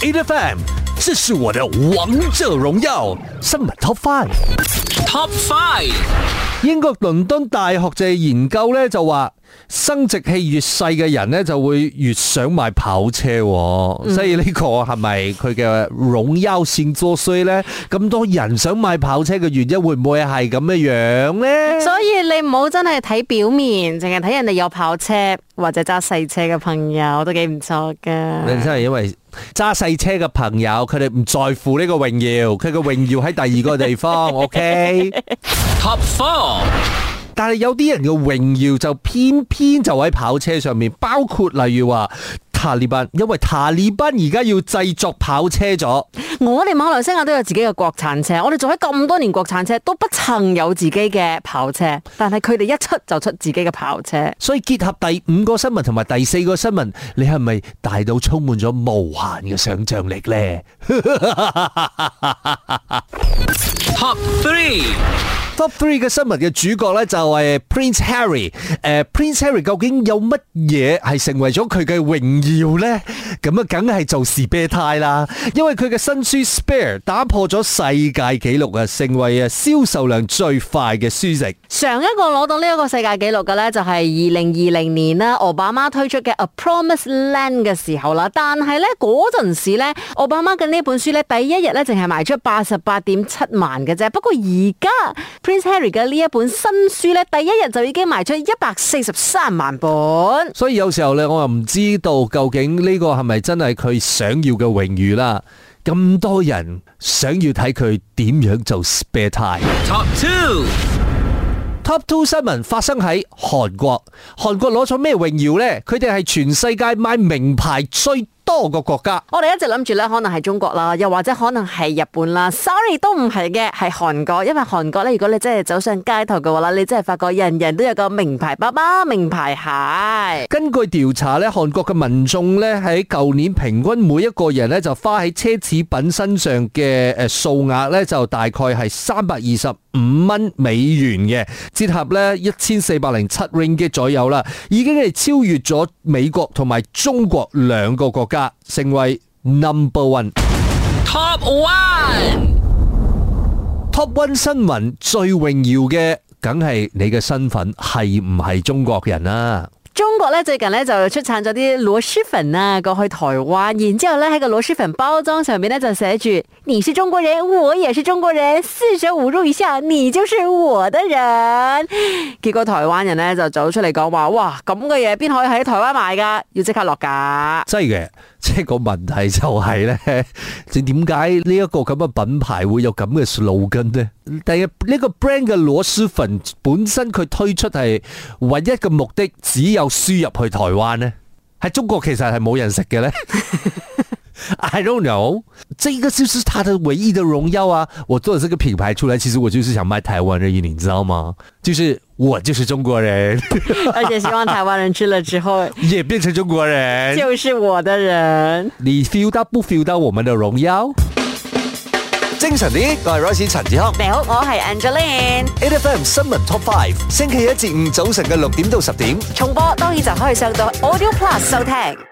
A F M，這是我的王者榮耀新聞 Top Five。Top Five，5. 英國倫敦大學嘅研究呢，就話。生殖器越細嘅人呢，就會越想買跑車，嗯、所以呢個係咪佢嘅榮耀線作衰呢？咁多人想買跑車嘅原因會唔會係咁嘅樣呢？所以你唔好真係睇表面，淨係睇人哋有跑車或者揸細車嘅朋友都幾唔錯噶。你真係因為揸細車嘅朋友，佢哋唔在乎呢個榮耀，佢嘅榮耀喺第二個地方。 OK，Top Okay? Four。但係有啲人嘅榮耀就偏偏就喺跑車上面，包括例如話塔利班，因為塔利班而家要製作跑車咗。我哋馬來西亞都有自己嘅國產車，我哋做咗咁多年國產車，都不曾有自己嘅跑車，但係佢哋一出就出自己嘅跑車。所以結合第五個新聞同埋第四個新聞，你係咪大到充滿咗無限嘅想像力呢？ Top three，Top three 嘅新聞嘅主角咧就係 Prince Harry。誒、呃、Prince Harry 究竟有乜嘢係成為咗佢嘅榮耀呢？咁啊，梗係就事變態啦！因為佢嘅新書《Spare》打破咗世界紀錄啊，成為啊銷售量最快嘅書籍。上一個攞到呢一個世界紀錄嘅咧，就係二零二零年啦，奧巴馬推出嘅《A Promise Land》嘅時候啦。但係咧，嗰陣時咧，奧巴馬嘅呢本書咧，第一日咧淨係賣出八十八點七萬。不過而家 Prince Harry 嘅呢一本新書咧，第一日就已經賣出一百四十三萬本，所以有時候咧，我又唔知道究竟呢個係咪真係佢想要嘅榮譽啦？咁多人想要睇佢點樣做 Spare。Top two，Top two 新聞發生喺韓國，韓國攞咗咩榮耀呢？佢哋係全世界買名牌最。多個國家，我哋一直諗住咧，可能係中國啦，又或者可能係日本啦。Sorry，都唔係嘅，係韓國。因為韓國咧，如果你真係走上街頭嘅話啦，你真係發覺人人都有個名牌包包、名牌鞋。根據調查咧，韓國嘅民眾咧喺舊年平均每一個人咧就花喺奢侈品身上嘅誒數額咧就大概係三百二十五蚊美元嘅，折合咧一千四百零七 Ringgit 左右啦，已經係超越咗美國同埋中國兩個國家。成為 number one top one top one 新聞最榮耀嘅，梗係你嘅身份係唔係中國人啦？中國咧最近咧就出產咗啲螺螄粉啊，過去台灣，然之後咧喺個螺螄粉包裝上面咧就寫住你是中國人，我也是中國人，四捨五入以下，你就是我的人。結果台灣人咧就走出嚟講話，哇，咁嘅嘢邊可以喺台灣買噶，要即刻落架。真嘅。即係個問題就係咧，就點解呢一個咁嘅品牌會有咁嘅 slogan 咧？第一呢個 brand 嘅螺螄粉本身佢推出係唯一嘅目的只有輸入去台灣咧，喺中國其實係冇人食嘅咧。I don't know，這個就是他的唯一的榮耀啊！我做的這個品牌出來，其實我就是想賣台灣人的，你知道嗎？就是我就是中國人， 而且希望台灣人吃了之後也變成中國人， 就是我的人。你 feel 到不 feel 到我們的榮耀？正常啲，我係 Royce 陳志康，你好，我係 Angelina。8FM 新聞 Top Five，星期一至五早晨嘅六點到十點重播，當然就可以上到 Audio Plus 收聽。